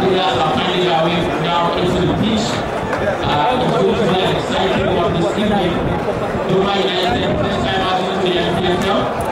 leaders are finding way now into the beach. Uh, it's going to be exciting this evening. United, first time out in the NPFL.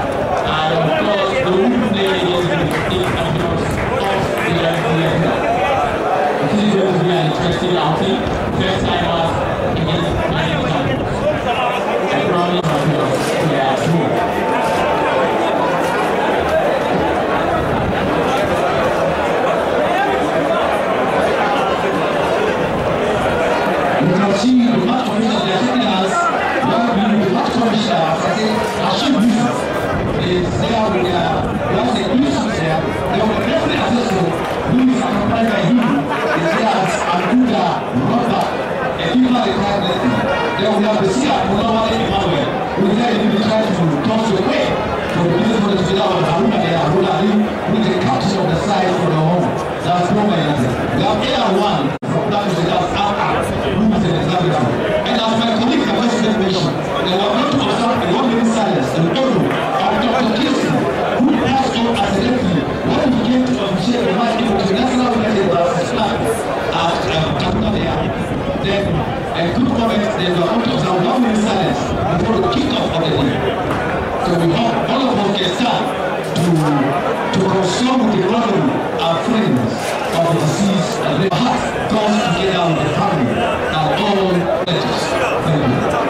that we have received from Lord Emmanuel, we let him be tried to turn to pray for the beautiful together of Haruna and Haruna Ali with the capture of the side for the home. That's no man. We have either one from that to that out who is an example. And as my colleague has just mentioned, they were not to observe a one minute silence and error of Dr. Kirsten, who passed on accidentally when he came to officiate the right into the National United National at um, Capital Air. Then A good moments that were out of the one minute silence before the kickoff of the game. So we hope all of us get start to, to consume the problem. our friends of the deceased and their hearts goes together with the family and all relatives. Thank you.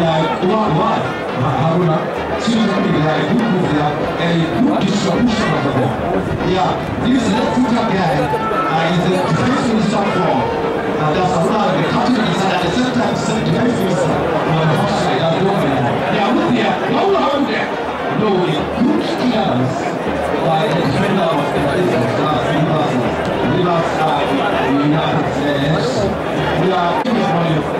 la droit Yeah, this guy at the we're there. we We we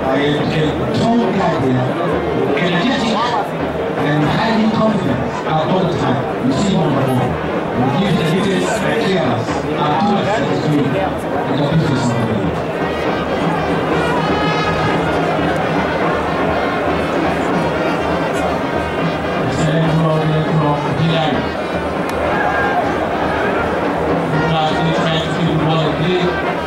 I can tone there energetic, and highly confident at all the time. You see on the board. We give the leaders and clearance and to you in the business of the day. Select from, select from, Hilary. Last, you try to keep the ball at play.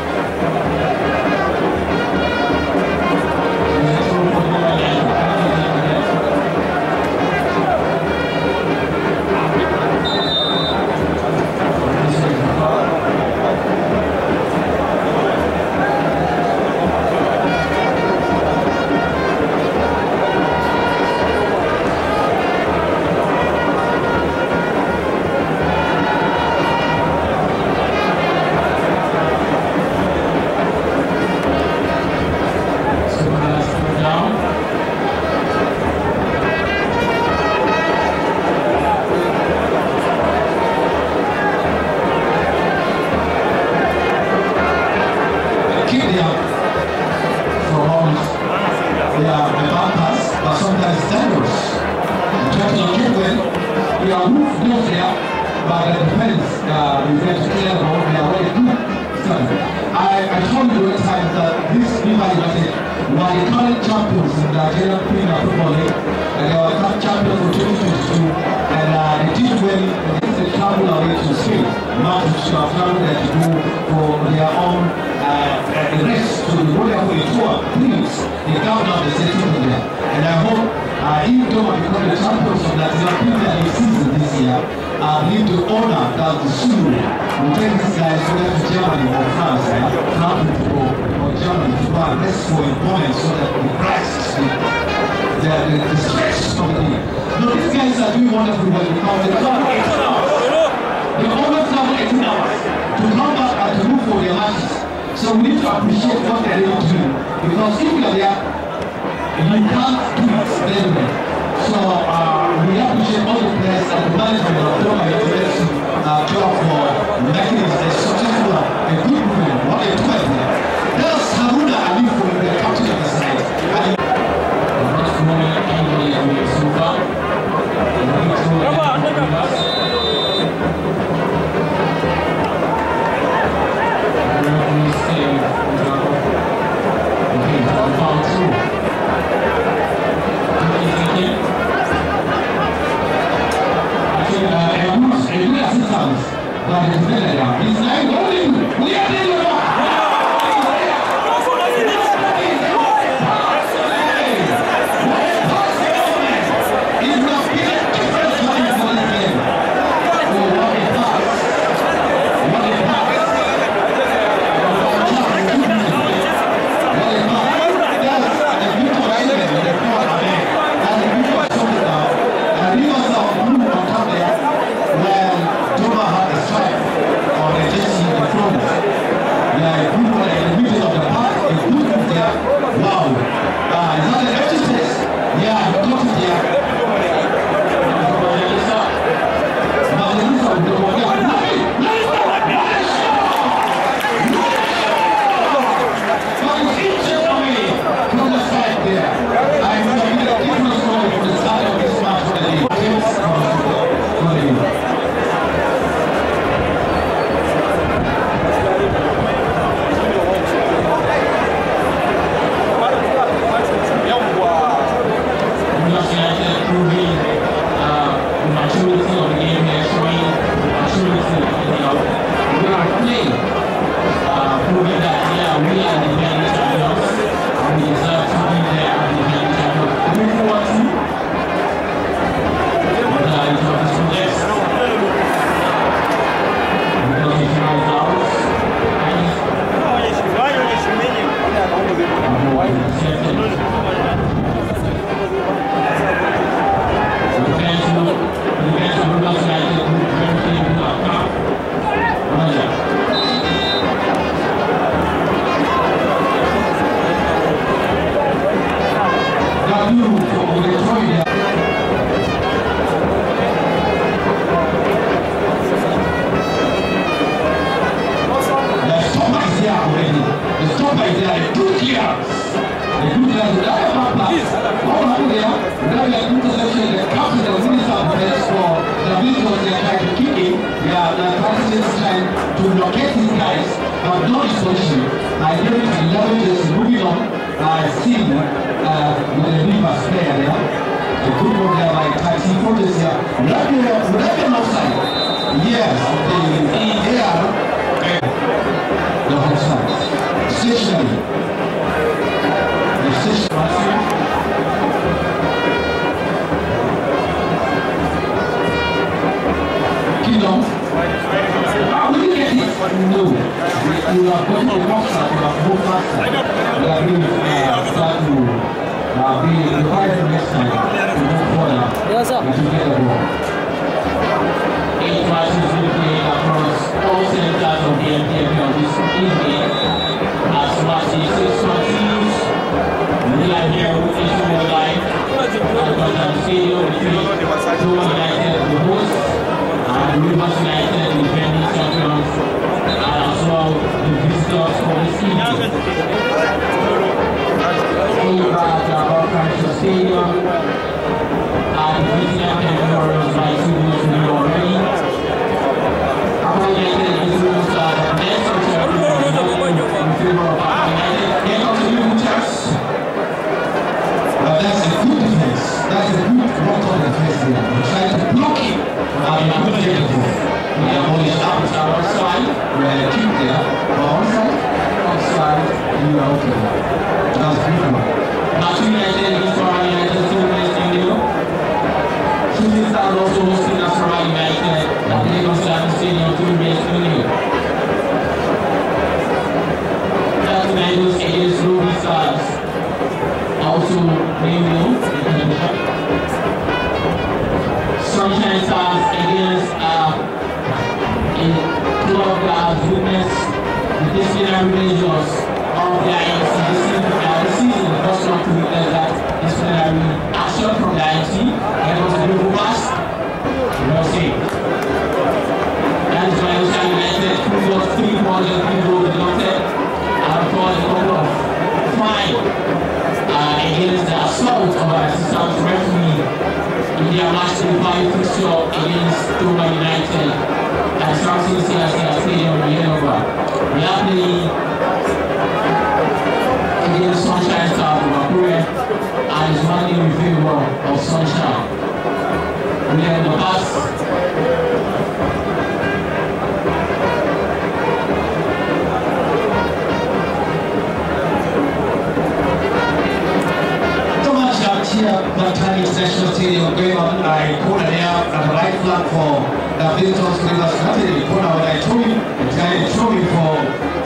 Stadium game on I put an air at right flank the visitors Rivers Cathedral. Put out I told you, I told for,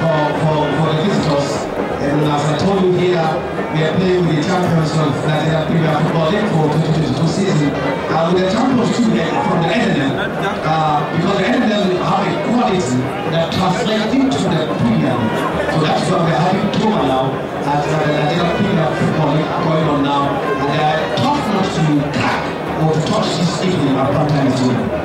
for, for, for the visitors. And as I told you here, we are playing with the champions of Nigeria Premier Football League for 2022 season. Uh, with the champions too from the NNL, uh, because the NNL have a quality that translates into the Premier So that's why we're having two now, as uh, the Nigeria Premier Football League going on now. And, uh, to be or to touch this evening at that time is over.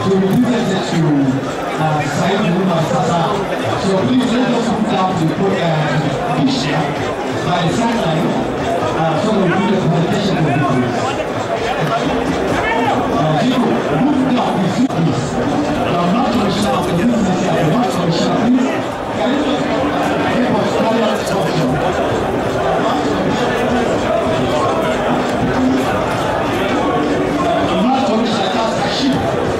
to visit uh, Muhammad So please let us put up the program this by satellite uh, so we do the presentation of the group. Uh, you move down with you, please. i not going the business here. not going to shout. Please, you not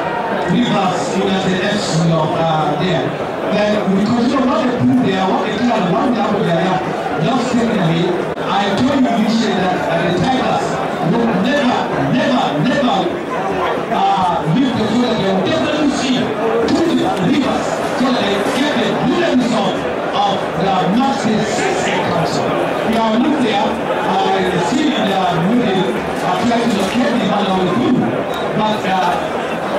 class FC of uh, there. Then because you know what there, what they clear, what they there, just secondly, I told you this year that uh, the Tigers will never, never, never uh, leave the field. They definitely see two rivers so that they get the good result of the Nazis We are not there, I see the movie, I trying to get the handle of the but uh,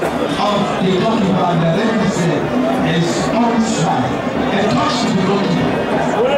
of the goalkeeper and the referee is on side. A touch to the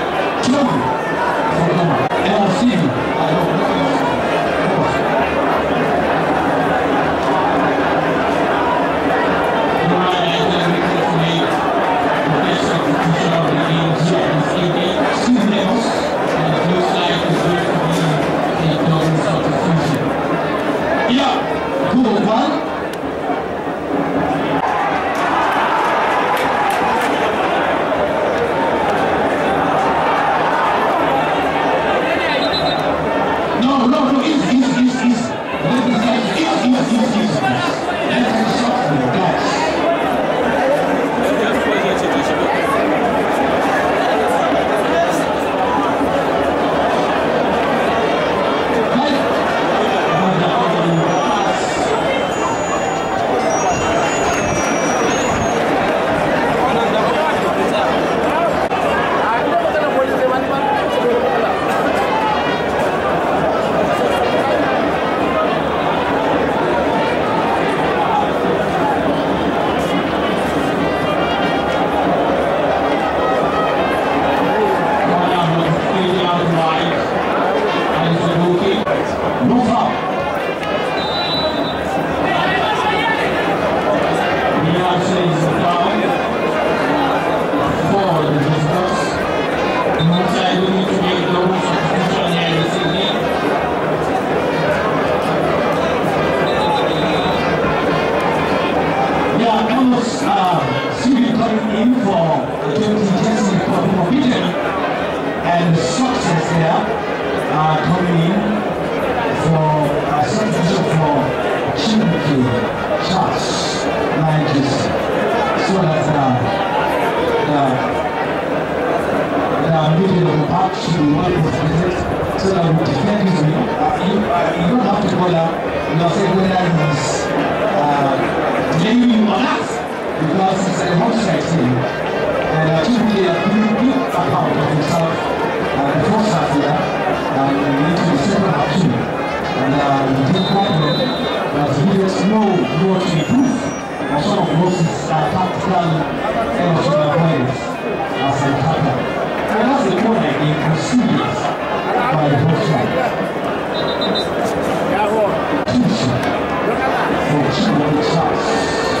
the most sexy and uh, uh, uh, be a big, big account of himself uh, before Satya and into the second half too. And um, he confident that he has no more to improve on some of Moses' uh, tactical the avoidance as a captain. And that's the point I think by the whole side. Teaching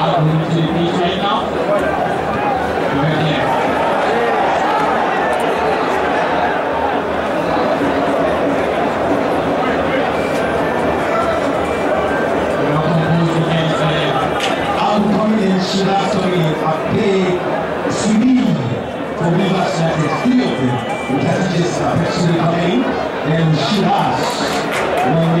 Thank you. We're here. We're to no.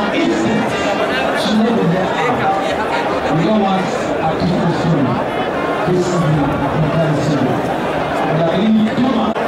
We you. not I